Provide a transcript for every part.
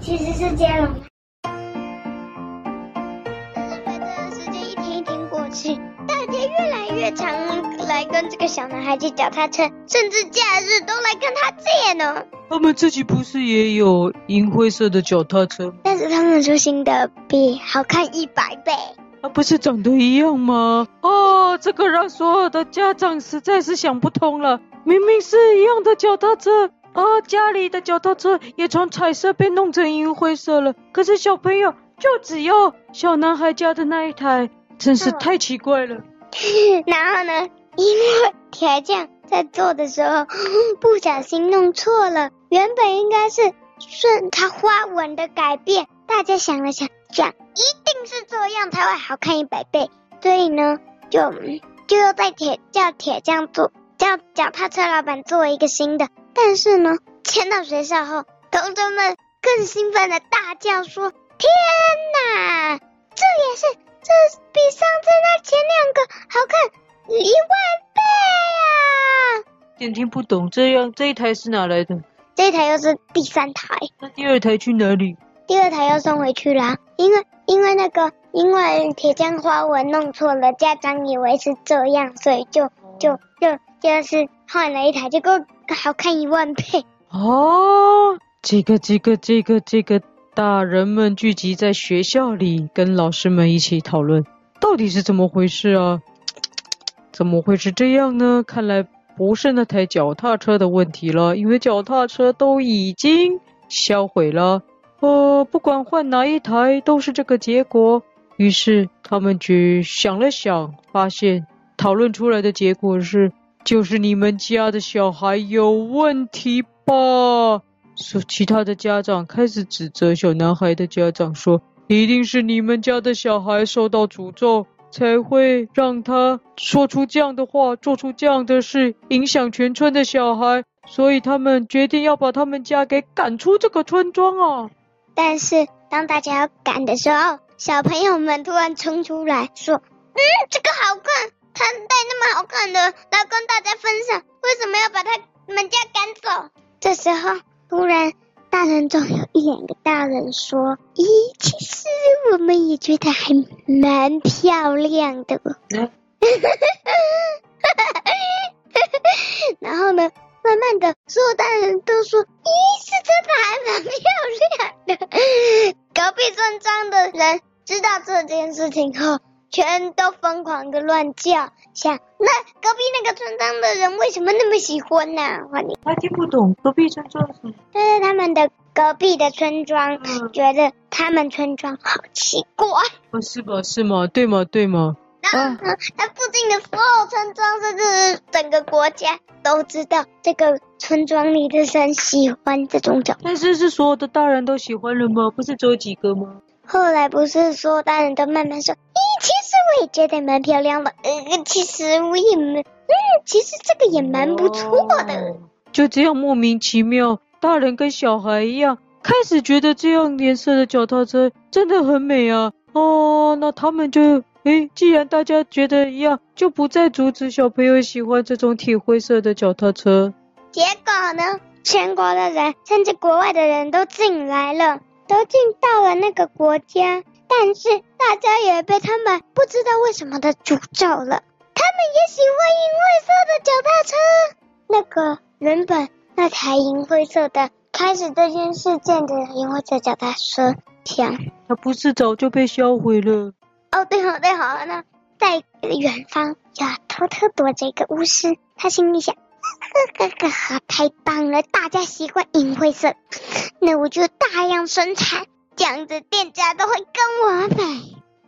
其實是接龍。但是隨着時間一天一天過去，大家越來越常來跟這個小男孩借腳踏車，甚至假日都來跟他借呢、哦。他們自己不是也有銀灰色的腳踏車？但是他們出行的比好看一百倍。他不是長得一樣嗎？哦，這個讓所有的家長實在是想不通了。明明是一樣的腳踏車。哦，家裡的腳踏車也從彩色被弄成銀灰色了。可是小朋友就只有小男孩家的那一台，真是太奇怪了。然後呢，因為鐵匠在做的時候不小心弄錯了，原本應該是順它花紋的改變。大家想了想，想一定是這樣才會好看一百倍。所以呢，就就又在鐵叫鐵匠做，叫腳踏車老板做一個新的。但是呢，遷到學校後，同學們更興奮的大叫說：“天哪，這也是，這比上次那前兩個好看一萬倍啊！”有點聽不懂，這樣這一台是哪來的？這一台又是第三台？那第二台去哪裡？第二台又送回去了，因為因為那個因為鐵匠花紋弄錯了，家長以為是這樣，所以就就就就是換了一台就夠。好看一萬倍。哦、啊，這個，這個，這個，這個，大人們聚集在學校裡，跟老師們一起討論，到底是怎麼回事啊？怎麼會是這樣呢？看來不是那台腳踏車的問題了，因為腳踏車都已經銷毀了。呃，不管換哪一台，都是這個結果。於是他們去想了想，發現討論出來的結果是。就是你們家的小孩有問題吧？說其他的家長開始指責小男孩的家長說，說一定是你們家的小孩受到詛咒，才會讓他說出這樣的話，做出這樣的事，影響全村的小孩，所以他們決定要把他們家給趕出這個村莊啊！但是當大家要趕的時候，小朋友們突然衝出來，說：“嗯，這個好看。”他戴那麼好看的，來跟大家分享，為什麼要把他們家趕走？這時候，突然，大人中有一兩個大人說：“咦，其實我們也覺得還蠻漂亮的。嗯” 然後呢，慢慢的，所有大人都說：“咦，是真的還蠻漂亮的。”隔壁村莊的人知道這件事情後。全都瘋狂的亂叫，想那隔壁那個村莊的人為什麼那麼喜歡呢、啊？你他聽不懂隔壁村莊的什麼？但是他們的隔壁的村莊覺得他們村莊好奇怪、啊。不、啊、是吧？是嗎？對嗎？對嗎？嗯那，那、啊啊、附近的所有村莊，甚至是整個國家都知道這個村莊裡的人喜歡這種叫。但是是所有的大人都喜歡了嗎？不是只有幾個嗎？後來不是所有大人都慢慢說。我也覺得蠻漂亮的，呃、嗯，其實我也沒，嗯，其實這個也蠻不錯的、哦。就這樣莫名其妙，大人跟小孩一樣，開始覺得這樣顏色的腳踏車真的很美啊，哦，那他們就，誒，既然大家覺得一樣，就不再阻止小朋友喜歡這種鐵灰色的腳踏車。結果呢，全國的人甚至國外的人都進來了，都進到了那個國家，但是。大家也被他們不知道為什麼的詛咒了。他們也喜歡銀灰色的腳踏車。那個原本那台銀灰色的開始這件事件的銀灰色腳踏車，牆，它不是早就被銷毀了？哦，對好對好，那在遠方就要偷偷躲着一個巫師，他心裡想，呵呵呵，太棒了，大家喜歡銀灰色，那我就大量生產。這樣子店家都會跟我買，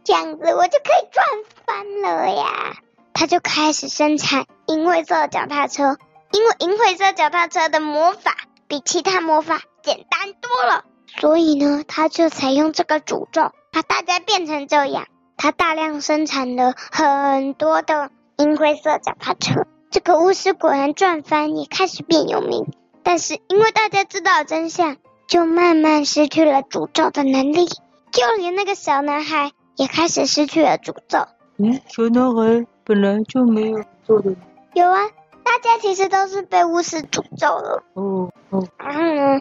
這樣子我就可以賺翻了呀！他就開始生產銀灰色腳踏車，因為銀灰色腳踏車的魔法比其他魔法簡單多了，所以呢，他就採用這個詛咒，把大家變成這樣。他大量生產了很多的銀灰色腳踏車，這個巫師果然賺翻，也開始變有名。但是因為大家知道真相。就慢慢失去了詛咒的能力，就連那個小男孩也開始失去了詛咒。嗯，小男孩本來就沒有詛咒。有啊，大家其實都是被巫師詛咒了、哦。哦哦。然後呢，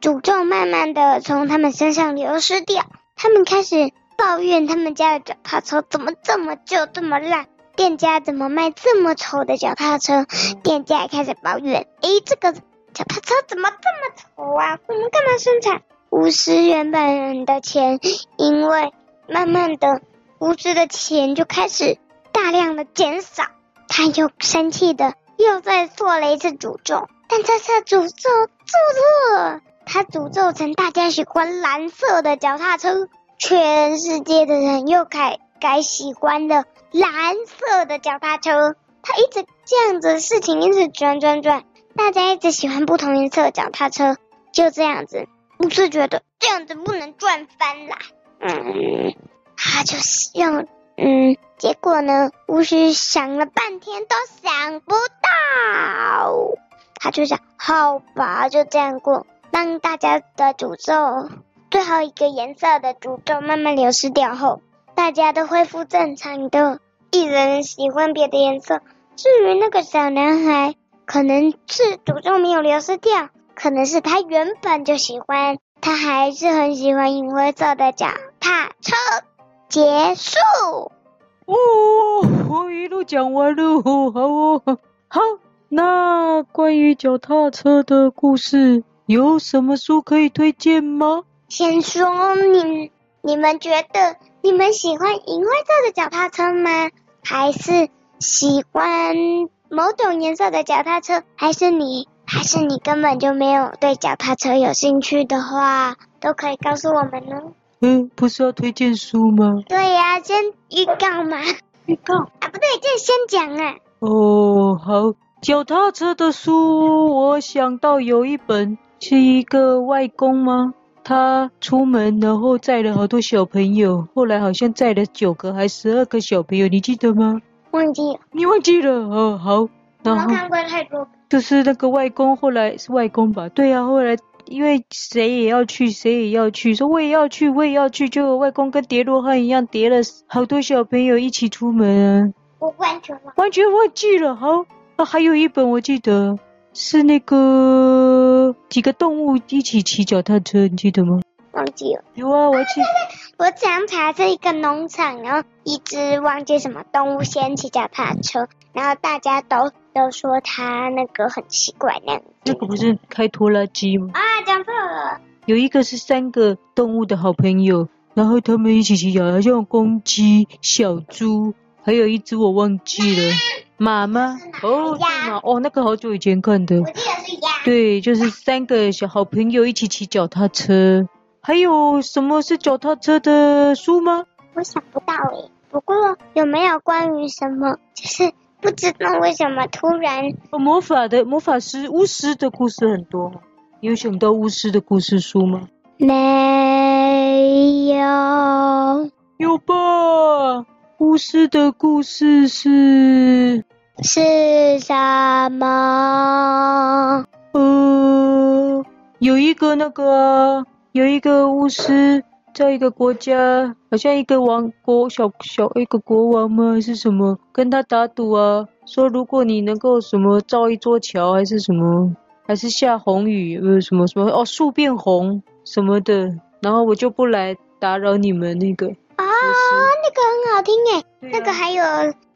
詛咒慢慢的從他們身上流失掉，他們開始抱怨他們家的腳踏車怎麼這麼舊這麼爛，店家怎麼賣這麼醜的腳踏車？嗯、店家也開始抱怨，哎，這個。腳踏車怎麼這麼醜啊？我們幹嘛生產巫師原本的錢？因為慢慢的，巫師的錢就開始大量的減少。他又生氣的，又再做了一次詛咒，但這次詛咒詛咒他詛咒成大家喜歡藍色的腳踏車，全世界的人又改改喜歡的藍色的腳踏車。他一直這樣子，事情一直轉轉轉。大家一直喜歡不同顏色的腳踏車，就這樣子巫師覺得這樣子不能轉翻啦，嗯，他就希望，嗯，結果呢，巫師想了半天都想不到，他就想好吧，就這樣過，當大家的詛咒最後一個顏色的詛咒慢慢流失掉後，大家都恢復正常的，一人喜歡別的顏色，至於那個小男孩。可能是詛咒沒有流失掉，可能是他原本就喜歡，他還是很喜歡銀灰色的腳踏車。結束。哦，我一路講完了。好哦，好，好。那關於腳踏車的故事有什麼書可以推薦嗎？先說你，你們覺得你們喜歡銀灰色的腳踏車嗎？還是喜歡？某種顏色的腳踏車，還是你，還是你根本就沒有對腳踏車有興趣的話，都可以告訴我們呢。嗯、欸，不是要推薦書嗎？對呀，啊，先預告嘛。預告？啊，不對，就先講啊。哦，好，腳踏車的書，我想到有一本，是一個外公嗎？他出門然後載了好多小朋友，後來好像載了九個還十二個小朋友，你記得嗎？忘記了？你忘記了哦，好，然後看過太多，就是那個外公，後來是外公吧，對呀、啊、後來因為誰也要去誰也要去，說我也要去我也要去，就外公跟疊羅漢一樣疊了好多小朋友一起出門，我完全忘完全忘記了。好、啊，還有一本我記得是那個幾個動物一起騎腳踏車，你記得嗎？忘記了，有啊我記得。啊，對對對。我常常在一個農場，然後一直忘記什麼動物先騎腳踏車，然後大家都都說它那個很奇怪這樣子，那個。那個不是開拖拉機嗎？啊，講錯了。有一個是三個動物的好朋友，然後他們一起騎，好像公雞、小豬，還有一隻我忘記了，馬嗎媽？媽媽呀哦，是哦，那個好久以前看的。我記得是鴨。對，就是三個小好朋友一起騎腳踏車。還有什麼是腳踏車的書嗎？我想不到誒，不過有沒有關於什麼，就是不知道為什麼突然，魔法的魔法師、巫師的故事很多，有想到巫師的故事書嗎？沒有。有吧？巫師的故事是是什麼？呃，有一個那個啊。有一個巫師，在一個國家，好像一個王國，小小，小一個國王嘛，還是什麼，跟他打賭啊，說如果你能夠什麼造一座橋，還是什麼，還是下紅雨，呃，什麼什麼，哦，樹變紅什麼的，然後我就不來打擾你們那個。啊，就是，那個很好聽誒，啊，那個還有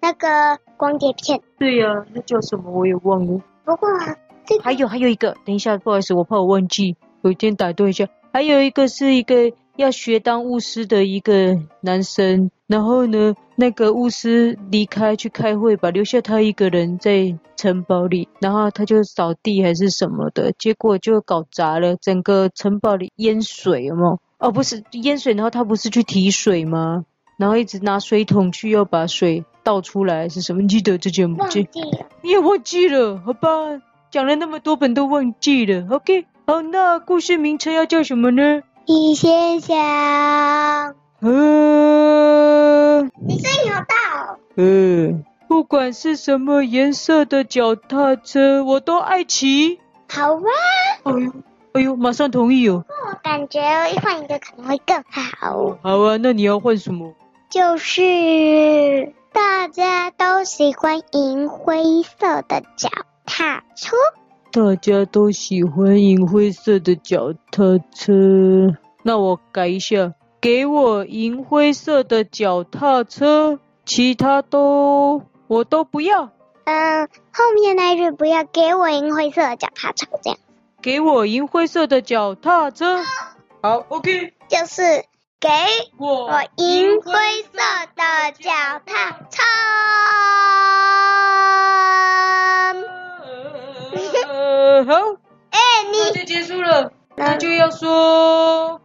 那個光碟片。對呀，啊，那叫什麼我也忘了。不過，啊，這個，還有還有一個，等一下，不好意思，我怕我忘記，有一點打斷一下。還有一個是一個要學當巫師的一個男生，然後呢，那個巫師離開去開會吧，留下他一個人在城堡裡，然後他就掃地還是什麼的，結果就搞砸了，整個城堡裡淹水，有沒有？哦，不是淹水，然後他不是去提水嗎？然後一直拿水桶去要把水倒出來是什麼？你記得這件不記？你也忘記了，好吧，講了那麼多本都忘記了，OK？好、哦，那故事名稱要叫什麼呢？你先想。嗯、啊。你聲音好大。嗯、啊，不管是什麼顏色的腳踏車，我都愛騎。好啊。哎呦、啊，哎呦，馬上同意哦。我感覺換一個可能會更好。好啊，那你要換什麼？就是大家都喜歡銀灰色的腳踏車。大家都喜歡銀灰色的腳踏車，那我改一下，給我銀灰色的腳踏車，其他都我都不要。嗯，後面那句不要，給我銀灰色的腳踏，踏車，這樣。嗯。給我銀灰色的腳踏車，好，OK。就是給我銀灰色的腳踏車。 呃、好，比、欸、就結束了，那就要說。